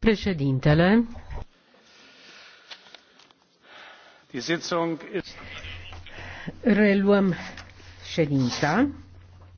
președintele reluăm ședința.